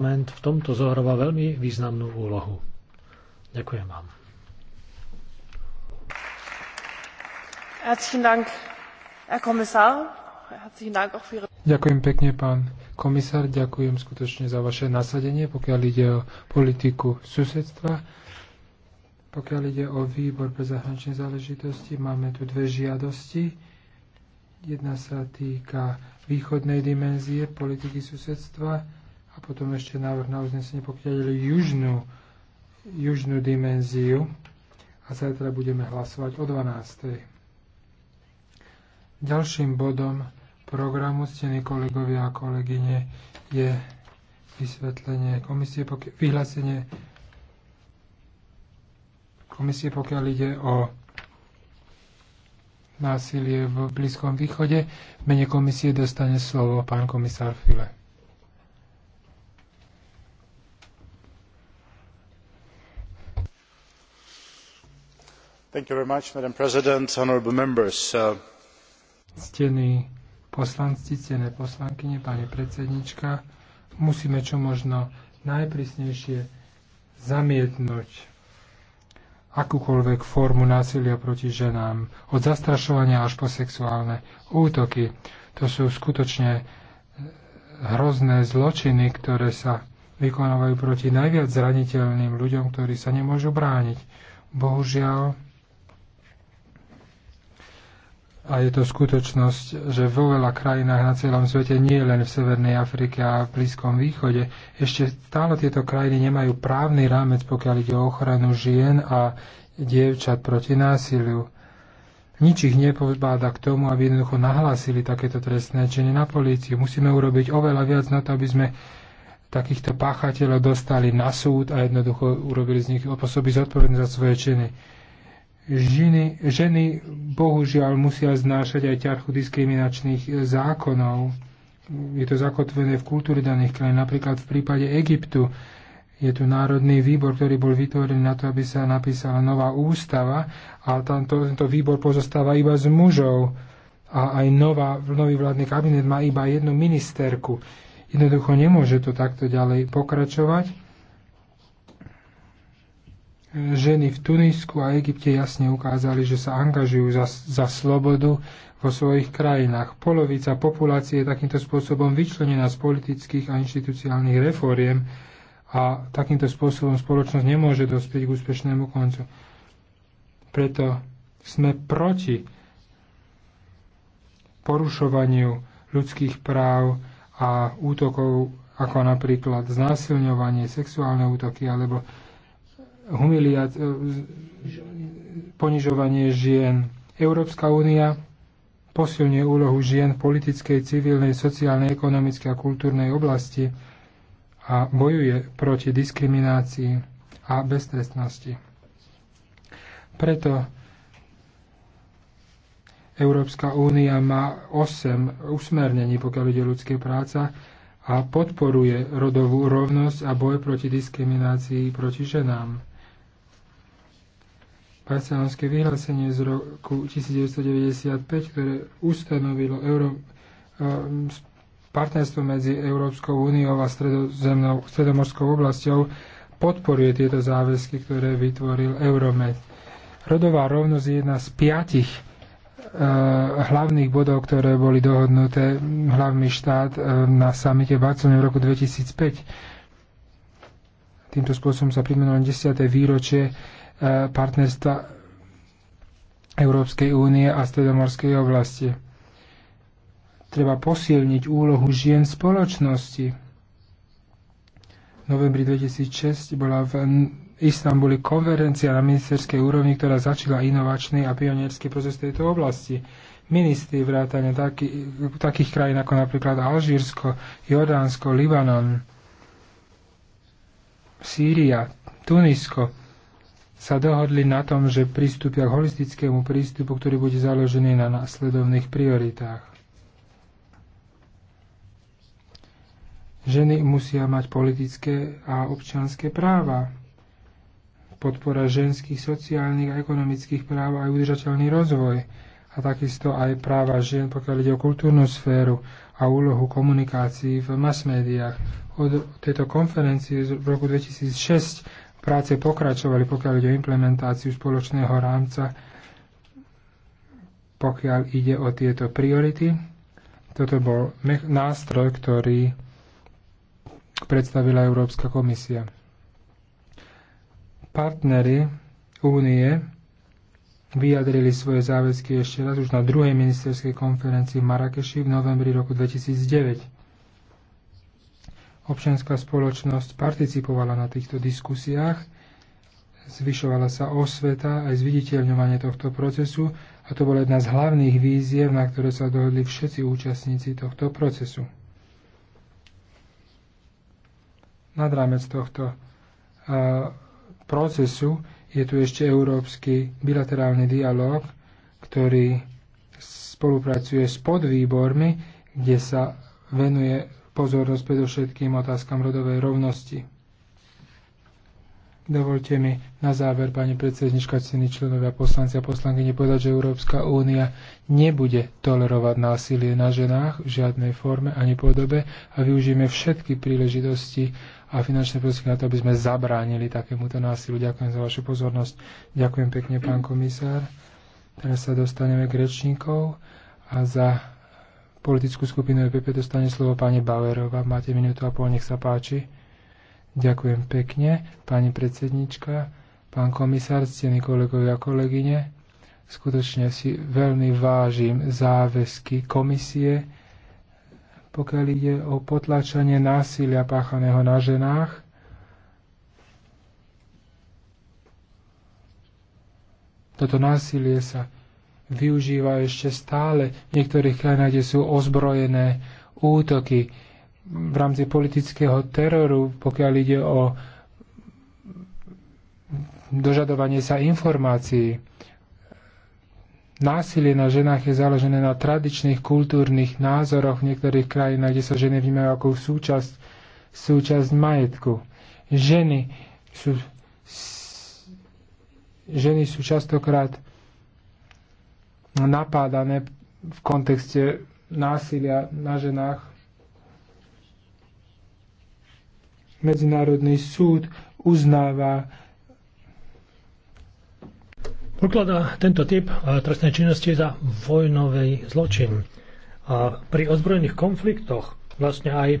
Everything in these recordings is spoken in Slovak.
parlament v tomto zohráva veľmi významnú úlohu. Ďakujem vám. Ďakujem pekne, pán komisár. Ďakujem skutočne za vaše nasadenie, pokiaľ ide o politiku susedstva. Pokiaľ ide o výbor pre zahraničné záležitosti, máme tu dve žiadosti. Jedna sa týka východnej dimenzie politiky susedstva a potom ešte návrh na uznesenie, pokiaľ ide južnú, južnú dimenziu. A zajtra budeme hlasovať o 12. Ďalším bodom programu, stení kolegovia a kolegyne, je vysvetlenie komisie, pokia- vyhlásenie komisie, pokiaľ ide o násilie v Blízkom východe. V mene komisie dostane slovo pán komisár File. Uh, Ctení poslanci, ctené poslankyne, pani predsednička, musíme čo možno najprísnejšie zamietnúť akúkoľvek formu násilia proti ženám, od zastrašovania až po sexuálne útoky. To sú skutočne e, hrozné zločiny, ktoré sa vykonávajú proti najviac zraniteľným ľuďom, ktorí sa nemôžu brániť. Bohužiaľ, a je to skutočnosť, že vo veľa krajinách na celom svete, nie len v Severnej Afrike a v Blízkom východe, ešte stále tieto krajiny nemajú právny rámec, pokiaľ ide o ochranu žien a dievčat proti násiliu. Nič ich nepozbáda k tomu, aby jednoducho nahlásili takéto trestné činy na políciu. Musíme urobiť oveľa viac na to, aby sme takýchto páchateľov dostali na súd a jednoducho urobili z nich osoby zodpovedné za svoje činy ženy, ženy bohužiaľ musia znášať aj ťarchu diskriminačných zákonov. Je to zakotvené v kultúre daných krajín. Napríklad v prípade Egyptu je tu Národný výbor, ktorý bol vytvorený na to, aby sa napísala nová ústava a tento, tento výbor pozostáva iba z mužov a aj nová, nový vládny kabinet má iba jednu ministerku. Jednoducho nemôže to takto ďalej pokračovať ženy v Tunisku a Egypte jasne ukázali, že sa angažujú za, za slobodu vo svojich krajinách. Polovica populácie je takýmto spôsobom vyčlenená z politických a inštitucionálnych refóriem a takýmto spôsobom spoločnosť nemôže dospieť k úspešnému koncu. Preto sme proti porušovaniu ľudských práv a útokov ako napríklad znásilňovanie, sexuálne útoky alebo E, ponižovanie žien. Európska únia posilňuje úlohu žien v politickej, civilnej, sociálnej, ekonomickej a kultúrnej oblasti a bojuje proti diskriminácii a beztrestnosti. Preto Európska únia má 8 usmernení, pokiaľ ide ľudské práca a podporuje rodovú rovnosť a boj proti diskriminácii proti ženám. Barcelonské vyhlásenie z roku 1995, ktoré ustanovilo Euró- eh, partnerstvo medzi Európskou úniou a stredomorskou oblasťou, podporuje tieto záväzky, ktoré vytvoril Euromed. Rodová rovnosť je jedna z piatich eh, hlavných bodov, ktoré boli dohodnuté hm, hlavný štát eh, na samite Barcelony v roku 2005. Týmto spôsobom sa pripomenulo 10. výročie E, partnerstva Európskej únie a stredomorskej oblasti. Treba posilniť úlohu žien spoločnosti. V novembri 2006 bola v Istambuli konferencia na ministerskej úrovni, ktorá začala inovačný a pionierský proces tejto oblasti ministri vrátane taký, takých krajín ako napríklad Alžírsko, Jordánsko, Libanon, Sýria, Tunisko sa dohodli na tom, že pristúpia k holistickému prístupu, ktorý bude založený na následovných prioritách. Ženy musia mať politické a občianské práva, podpora ženských, sociálnych a ekonomických práv a udržateľný rozvoj a takisto aj práva žien, pokiaľ ide o kultúrnu sféru a úlohu komunikácií v mass médiách. Od tejto konferencie z roku 2006 práce pokračovali, pokiaľ ide o implementáciu spoločného rámca, pokiaľ ide o tieto priority. Toto bol nástroj, ktorý predstavila Európska komisia. Partnery únie vyjadrili svoje záväzky ešte raz už na druhej ministerskej konferencii v Marrakeši v novembri roku 2009 občianská spoločnosť participovala na týchto diskusiách, zvyšovala sa osveta aj zviditeľňovanie tohto procesu a to bola jedna z hlavných víziev, na ktoré sa dohodli všetci účastníci tohto procesu. Nad rámec tohto uh, procesu je tu ešte európsky bilaterálny dialog, ktorý spolupracuje s podvýbormi, kde sa venuje pozornosť predovšetkým otázkam rodovej rovnosti. Dovolte mi na záver, pani predsednička, cení členovia poslanci a poslanky nepovedať, že Európska únia nebude tolerovať násilie na ženách v žiadnej forme ani podobe a využijeme všetky príležitosti a finančné prostriedky na to, aby sme zabránili takémuto násilu. Ďakujem za vašu pozornosť. Ďakujem pekne, pán komisár. Teraz sa dostaneme k rečníkov a za politickú skupinu EPP dostane slovo pani Bauerová. Máte minútu a pol, nech sa páči. Ďakujem pekne, pani predsednička, pán komisár, ctení kolegovia a kolegyne. Skutočne si veľmi vážim záväzky komisie, pokiaľ ide o potlačanie násilia páchaného na ženách. Toto násilie sa využívajú ešte stále v niektorých krajinách, kde sú ozbrojené útoky v rámci politického teroru, pokiaľ ide o dožadovanie sa informácií. Násilie na ženách je založené na tradičných kultúrnych názoroch v niektorých krajinách, kde sa ženy vnímajú ako súčasť, súčasť majetku. Ženy sú, ženy sú častokrát napádané v kontexte násilia na ženách. Medzinárodný súd uznáva Ukladá tento typ eh, trestnej činnosti za vojnový zločin. A pri ozbrojených konfliktoch vlastne aj eh,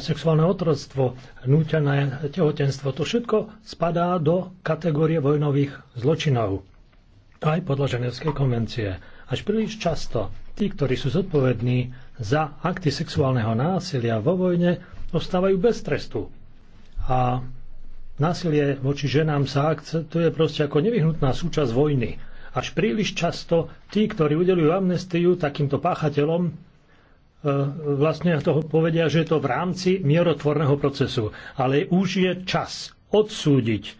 sexuálne otroctvo, nútené tehotenstvo, to všetko spadá do kategórie vojnových zločinov aj podľa Ženevskej konvencie. Až príliš často tí, ktorí sú zodpovední za akty sexuálneho násilia vo vojne, ostávajú bez trestu. A násilie voči ženám sa akceptuje proste ako nevyhnutná súčasť vojny. Až príliš často tí, ktorí udelujú amnestiu takýmto páchateľom, e, vlastne toho povedia, že je to v rámci mierotvorného procesu. Ale už je čas odsúdiť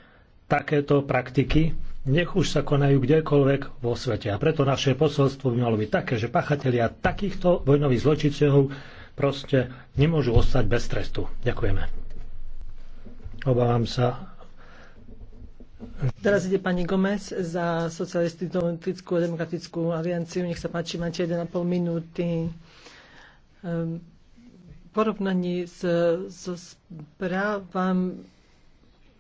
takéto praktiky nech už sa konajú kdekoľvek vo svete. A preto naše posolstvo by malo byť také, že pachatelia takýchto vojnových zločiteľov proste nemôžu ostať bez trestu. Ďakujeme. Obávam sa. Teraz ide pani Gomez za Socialistickú a demokratickú alianciu. Nech sa páči, máte 1,5 minúty. Ehm, v porovnaní s, so správami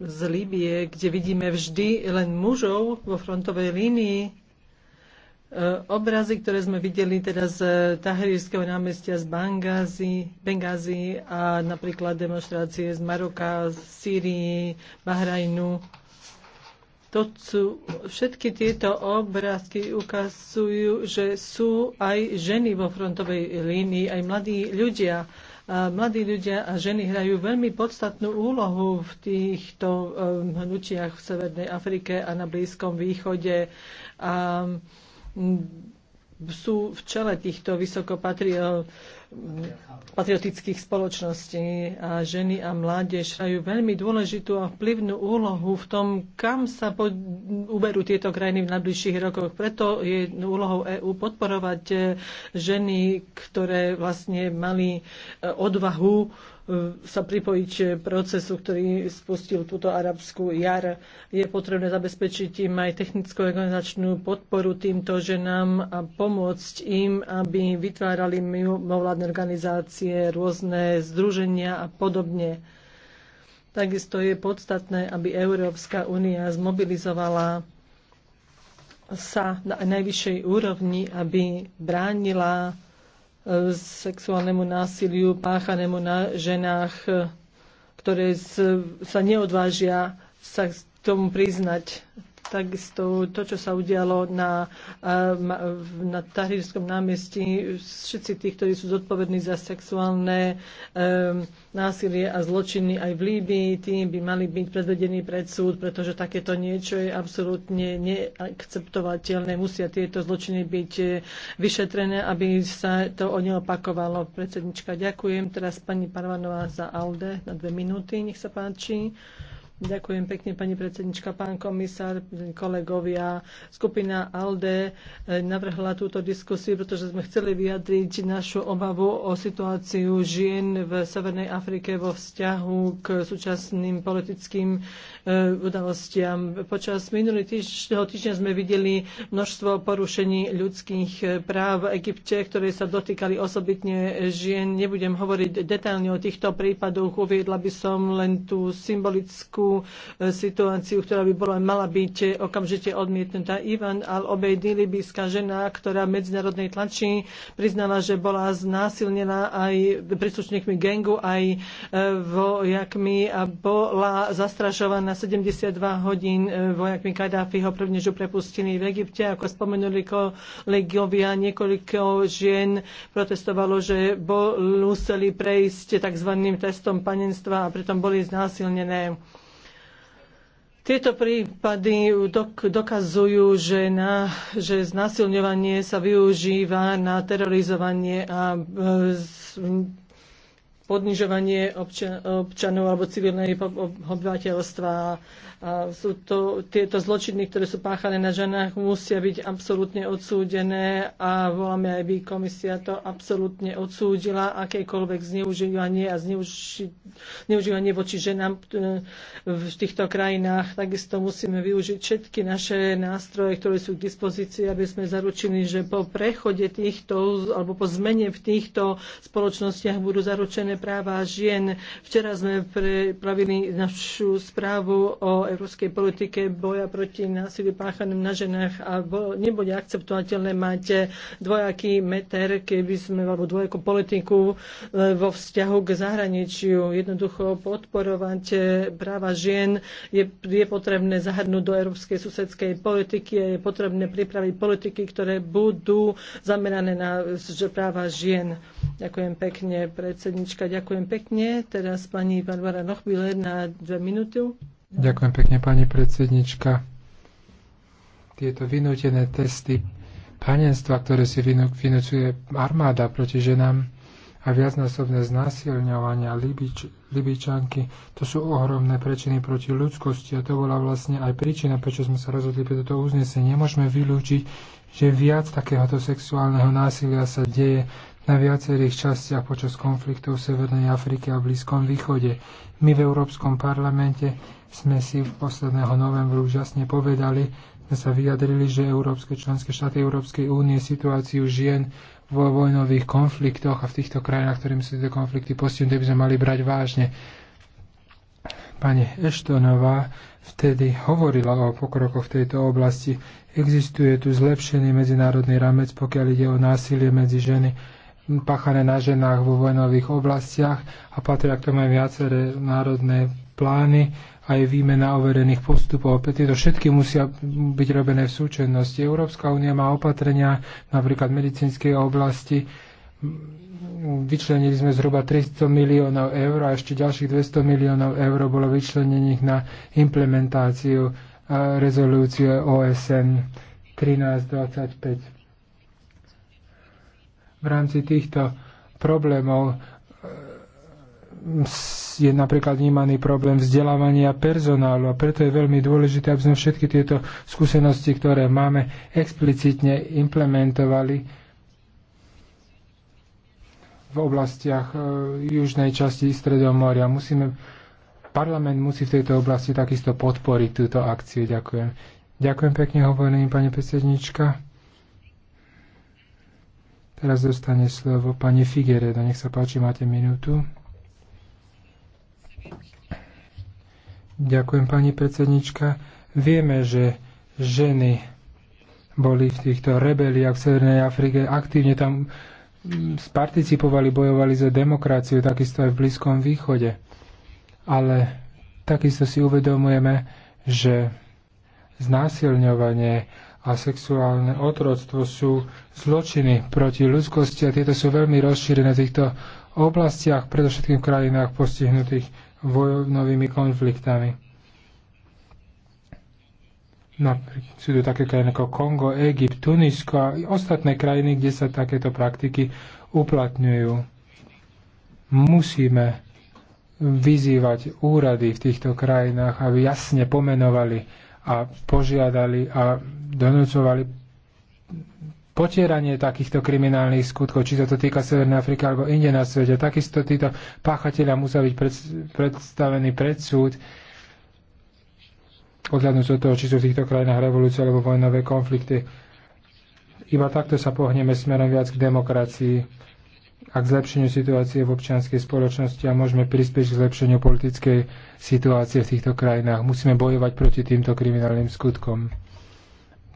z Libie, kde vidíme vždy len mužov vo frontovej línii, e, obrazy, ktoré sme videli teda z Tahrirského námestia z Bangázy, Bengázy a napríklad demonstrácie z Maroka, z Sýrii, Bahrajnu. To sú, všetky tieto obrázky ukazujú, že sú aj ženy vo frontovej línii, aj mladí ľudia. A mladí ľudia a ženy hrajú veľmi podstatnú úlohu v týchto um, hnutiach v Severnej Afrike a na Blízkom východe. A mm, sú v čele týchto vysokopatriotických spoločností a ženy a mládež hrajú veľmi dôležitú a vplyvnú úlohu v tom, kam sa uberú tieto krajiny v najbližších rokoch. Preto je úlohou EÚ podporovať eh, ženy k ktoré vlastne mali e, odvahu e, sa pripojiť procesu, ktorý spustil túto arabskú jar. Je potrebné zabezpečiť im aj technickú organizačnú podporu týmto ženám a pomôcť im, aby vytvárali mimovládne organizácie, rôzne združenia a podobne. Takisto je podstatné, aby Európska únia zmobilizovala sa na najvyššej úrovni, aby bránila E, sexuálnemu násiliu páchanému na ženách, e, ktoré sa neodvážia sa k tomu priznať takisto to, čo sa udialo na, na Tahrirskom námestí, všetci tí, ktorí sú zodpovední za sexuálne um, násilie a zločiny aj v Líbii, tí by mali byť predvedení pred súd, pretože takéto niečo je absolútne neakceptovateľné. Musia tieto zločiny byť e, vyšetrené, aby sa to o neopakovalo. Predsednička, ďakujem. Teraz pani Parvanová za ALDE na dve minúty, nech sa páči. Ďakujem pekne, pani predsednička, pán komisár, kolegovia. Skupina ALDE eh, navrhla túto diskusiu, pretože sme chceli vyjadriť našu obavu o situáciu žien v Severnej Afrike vo vzťahu k súčasným politickým eh, udalostiam. Počas minulého týždňa, sme videli množstvo porušení ľudských eh, práv v Egypte, ktoré sa dotýkali osobitne žien. Nebudem hovoriť detailne o týchto prípadoch, uviedla by som len tú symbolickú E, situáciu, ktorá by bola, mala byť e, okamžite odmietnutá. Ivan al-Obejd, libyská žena, ktorá v medzinárodnej tlači priznala, že bola znásilnená aj príslušníkmi gengu, aj e, vojakmi a bola zastrašovaná 72 hodín vojakmi Kadáfiho, prvne, že prepustili v Egypte. Ako spomenuli kolegovia, niekoľko žien protestovalo, že bol, museli prejsť tzv. testom panenstva a pritom boli znásilnené. Tieto prípady dok dokazujú, že, na, že znasilňovanie sa využíva na terorizovanie a e, podnižovanie občan, občanov alebo civilnej obyvateľstva. sú to, tieto zločiny, ktoré sú páchané na ženách, musia byť absolútne odsúdené a voláme aj by komisia to absolútne odsúdila, akékoľvek zneužívanie a zneuži, zneužívanie voči ženám e, v týchto krajinách. Takisto musíme využiť všetky naše nástroje, ktoré sú k dispozícii, aby sme zaručili, že po prechode týchto alebo po zmene v týchto spoločnostiach budú zaručené ochrane práva žien. Včera sme pripravili našu správu o európskej politike boja proti násiliu páchaným na ženách a nebude akceptovateľné mať dvojaký meter, keby sme, alebo dvojakú politiku e, vo vzťahu k zahraničiu. Jednoducho podporovať e, práva žien je, je potrebné zahrnúť do európskej susedskej politiky a je potrebné pripraviť politiky, ktoré budú zamerané na práva žien. Ďakujem pekne, predsednička predsednička, ďakujem pekne. Teraz pani Barbara Nochbiller na dve minúty. Ďakujem pekne, pani predsednička. Tieto vynútené testy panenstva, ktoré si vynúcuje armáda proti ženám a viacnásobné znásilňovania Libič, Libičanky, to sú ohromné prečiny proti ľudskosti a to bola vlastne aj príčina, prečo sme sa rozhodli pre toto uznesenie. Nemôžeme vylúčiť, že viac takéhoto sexuálneho násilia sa deje na viacerých častiach počas konfliktov v Severnej Afrike a Blízkom východe. My v Európskom parlamente sme si v posledného novembru jasne povedali, sme sa vyjadrili, že európske členské štáty Európskej únie situáciu žien vo vojnových konfliktoch a v týchto krajinách, ktorým sú tie konflikty postihnuté, by sme mali brať vážne. Pani Eštonová vtedy hovorila o pokrokoch v tejto oblasti. Existuje tu zlepšený medzinárodný ramec, pokiaľ ide o násilie medzi ženy páchané na ženách vo vojnových oblastiach a patria k tomu aj viaceré národné plány, aj výmena overených postupov. Tieto všetky musia byť robené v súčennosti. Európska únia má opatrenia napríklad v medicínskej oblasti. Vyčlenili sme zhruba 300 miliónov eur a ešte ďalších 200 miliónov eur bolo vyčlenených na implementáciu eh, rezolúcie OSN 1325 v rámci týchto problémov je napríklad vnímaný problém vzdelávania personálu a preto je veľmi dôležité, aby sme všetky tieto skúsenosti, ktoré máme, explicitne implementovali v oblastiach e, južnej časti Stredomoria. Musíme, parlament musí v tejto oblasti takisto podporiť túto akciu. Ďakujem. Ďakujem pekne, hovorím pani predsednička. Teraz dostane slovo pani Figueredo. Nech sa páči, máte minútu. Ďakujem, pani predsednička. Vieme, že ženy boli v týchto rebeliách v Severnej Afrike, aktívne tam mm, participovali, bojovali za demokraciu, takisto aj v Blízkom východe. Ale takisto si uvedomujeme, že znásilňovanie a sexuálne otroctvo sú zločiny proti ľudskosti a tieto sú veľmi rozšírené v týchto oblastiach, predovšetkým v krajinách postihnutých vojnovými konfliktami. Napríklad sú tu také krajiny ako Kongo, Egypt, Tunisko a ostatné krajiny, kde sa takéto praktiky uplatňujú. Musíme vyzývať úrady v týchto krajinách, aby jasne pomenovali a požiadali a donúcovali potieranie takýchto kriminálnych skutkov, či sa to týka Severnej Afriky alebo inde na svete. Takisto títo páchatelia musia byť predstavení pred súd, odhľadnúť od toho, či sú v týchto krajinách revolúcie alebo vojnové konflikty. Iba takto sa pohneme smerom viac k demokracii a k zlepšeniu situácie v občianskej spoločnosti a môžeme prispieť k zlepšeniu politickej situácie v týchto krajinách. Musíme bojovať proti týmto kriminálnym skutkom.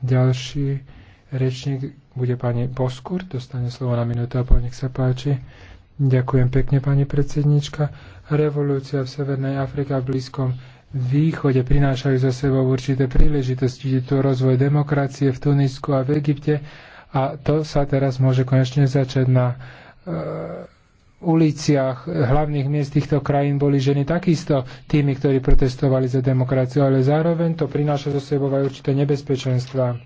Ďalší rečník bude pani Boskur, dostane slovo na minútu a po nech sa páči. Ďakujem pekne, pani predsednička. Revolúcia v Severnej Afrike a v Blízkom východe prinášajú za sebou určité príležitosti. Je tu rozvoj demokracie v Tunisku a v Egypte a to sa teraz môže konečne začať na uliciach eh, hlavných miest týchto krajín boli ženy takisto tými, ktorí protestovali za demokraciu, ale zároveň to prináša zo sebou aj určité nebezpečenstva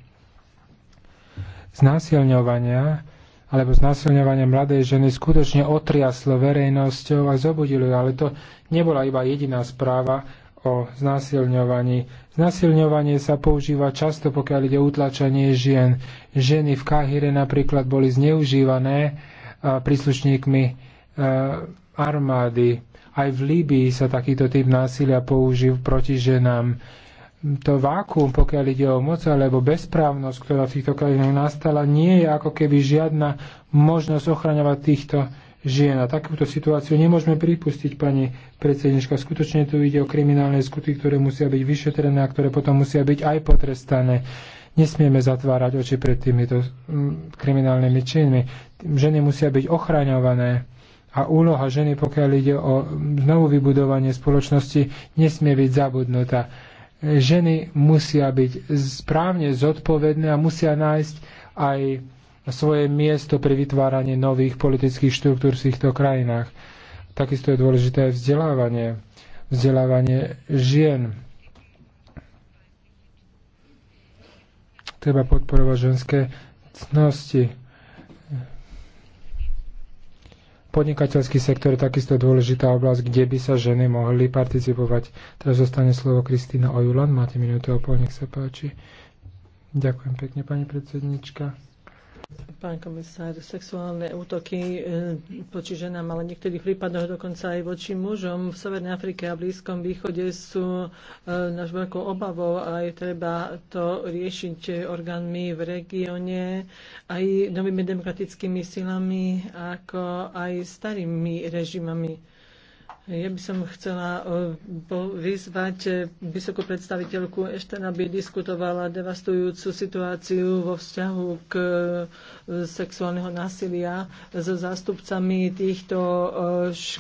znásilňovania alebo znásilňovanie mladej ženy skutočne otriaslo verejnosťou a zobudilo ju. Ale to nebola iba jediná správa o znásilňovaní. Znásilňovanie sa používa často, pokiaľ ide o utlačenie žien. Ženy v Káhire napríklad boli zneužívané príslušníkmi Eh, armády. Aj v Líbii sa takýto typ násilia použil proti ženám. To vákuum, pokiaľ ide o moc alebo bezprávnosť, ktorá v týchto krajinách nastala, nie je ako keby žiadna možnosť ochraňovať týchto žien. A takúto situáciu nemôžeme pripustiť, pani predsednička. Skutočne tu ide o kriminálne skutky, ktoré musia byť vyšetrené a ktoré potom musia byť aj potrestané nesmieme zatvárať oči pred týmito mm, kriminálnymi činmi. Ženy musia byť ochraňované a úloha ženy, pokiaľ ide o znovu vybudovanie spoločnosti, nesmie byť zabudnutá. Ženy musia byť správne zodpovedné a musia nájsť aj svoje miesto pri vytváraní nových politických štruktúr v týchto krajinách. Takisto je dôležité aj vzdelávanie, vzdelávanie žien. Treba podporovať ženské cnosti Podnikateľský sektor je takisto dôležitá oblasť, kde by sa ženy mohli participovať. Teraz zostane slovo Kristýna Ojulan. Máte minútu a pol, nech sa páči. Ďakujem pekne, pani predsednička. Pán komisár, sexuálne útoky voči e, ženám, ale v niektorých prípadoch dokonca aj voči mužom v Severnej Afrike a Blízkom východe sú e, náš veľkou obavou a je treba to riešiť orgánmi v regióne, aj novými demokratickými silami, ako aj starými režimami. Ja by som chcela e, vyzvať e, vysokú predstaviteľku Ešte, aby diskutovala devastujúcu situáciu vo vzťahu k e, sexuálneho násilia so zástupcami týchto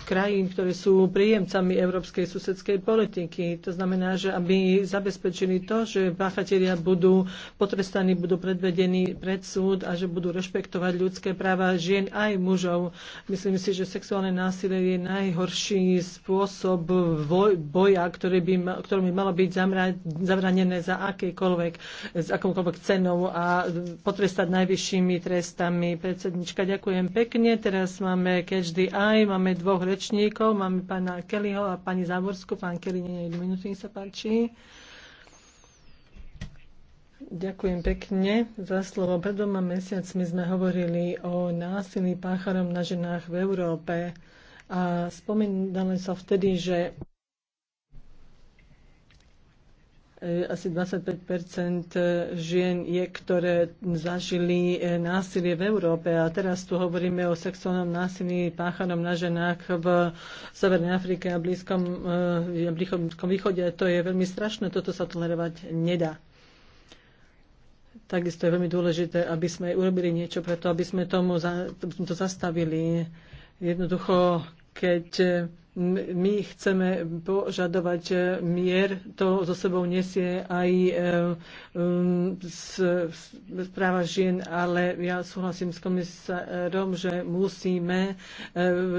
krajín, ktoré sú príjemcami európskej susedskej politiky. To znamená, že aby zabezpečili to, že páchatelia budú potrestaní, budú predvedení pred súd a že budú rešpektovať ľudské práva žien aj mužov. Myslím si, že sexuálne násilie je najhorší spôsob spôsob boja, ktorý by, ktorý by malo byť zabranené za akýkoľvek, s akomkoľvek cenou a potrestať najvyššími trestami. Predsednička, ďakujem pekne. Teraz máme každý aj, máme dvoch rečníkov, máme pána Kellyho a pani Závorsku. Pán Kelly, nie, jednu minútu, sa páči. Ďakujem pekne za slovo. Pred dvoma mesiacmi sme hovorili o násilí pácharom na ženách v Európe. A spomínali sa vtedy, že e, asi 25 e, žien je, ktoré zažili e, násilie v Európe. A teraz tu hovoríme o sexuálnom násilí páchanom na ženách v Severnej Afrike a Blízkom, Blízkom východe. To je veľmi strašné, toto sa tolerovať nedá. Takisto je veľmi dôležité, aby sme urobili niečo preto, aby sme tomu za, to zastavili. Jednoducho keď e, my chceme požadovať e, mier, to zo sebou nesie aj e, správa žien, ale ja súhlasím s komisárom, že musíme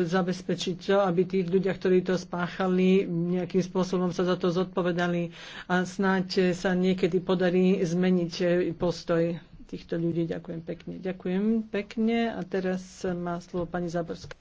zabezpečiť to, aby tí ľudia, ktorí to spáchali, nejakým spôsobom sa za to zodpovedali a snáď sa niekedy podarí zmeniť postoj týchto ľudí. Ďakujem pekne. Ďakujem pekne a teraz má slovo pani Zaborská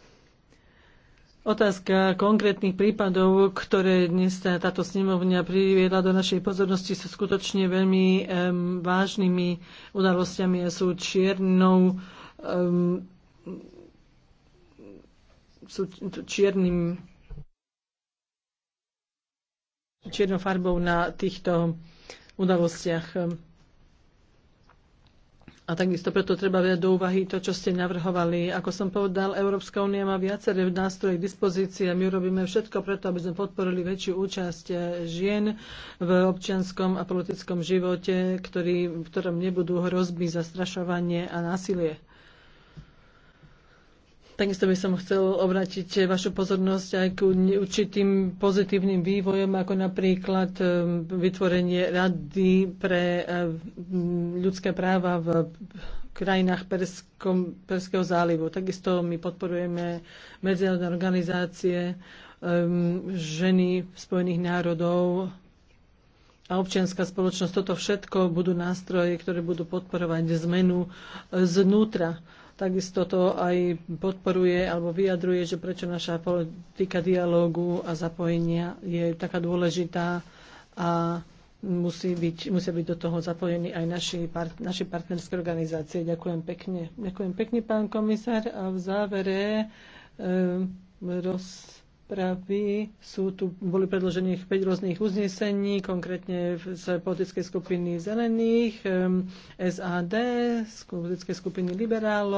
Otázka konkrétnych prípadov, ktoré dnes táto snemovňa priviedla do našej pozornosti, sú skutočne veľmi um, vážnymi udalosťami a sú čiernou um, sú čiernym čiernou farbou na týchto udalostiach. A takisto preto treba viať do úvahy to, čo ste navrhovali. Ako som povedal, Európska únia má viaceré nástroje k dispozícii a my robíme všetko preto, aby sme podporili väčšiu účasť eh, žien v občianskom a politickom živote, ktorý, v ktorom nebudú hrozby, zastrašovanie a násilie. Takisto by som chcel obrátiť vašu pozornosť aj k určitým pozitívnym vývojom, ako napríklad ehm, vytvorenie Rady pre ehm, ľudské práva v krajinách Perskom, Perského zálivu. Takisto my podporujeme medzinárodné organizácie ehm, ženy Spojených národov a občianská spoločnosť. Toto všetko budú nástroje, ktoré budú podporovať zmenu znútra Takisto to aj podporuje alebo vyjadruje, že prečo naša politika dialógu a zapojenia je taká dôležitá a musí byť, musia byť do toho zapojení aj naši, part, naši partnerské organizácie. Ďakujem pekne. Ďakujem pekne, pán komisár. A v závere um, e, roz pravy. Sú tu, boli predložených 5 rôznych uznesení, konkrétne z politickej skupiny zelených, e, SAD, z politickej skupiny liberálov,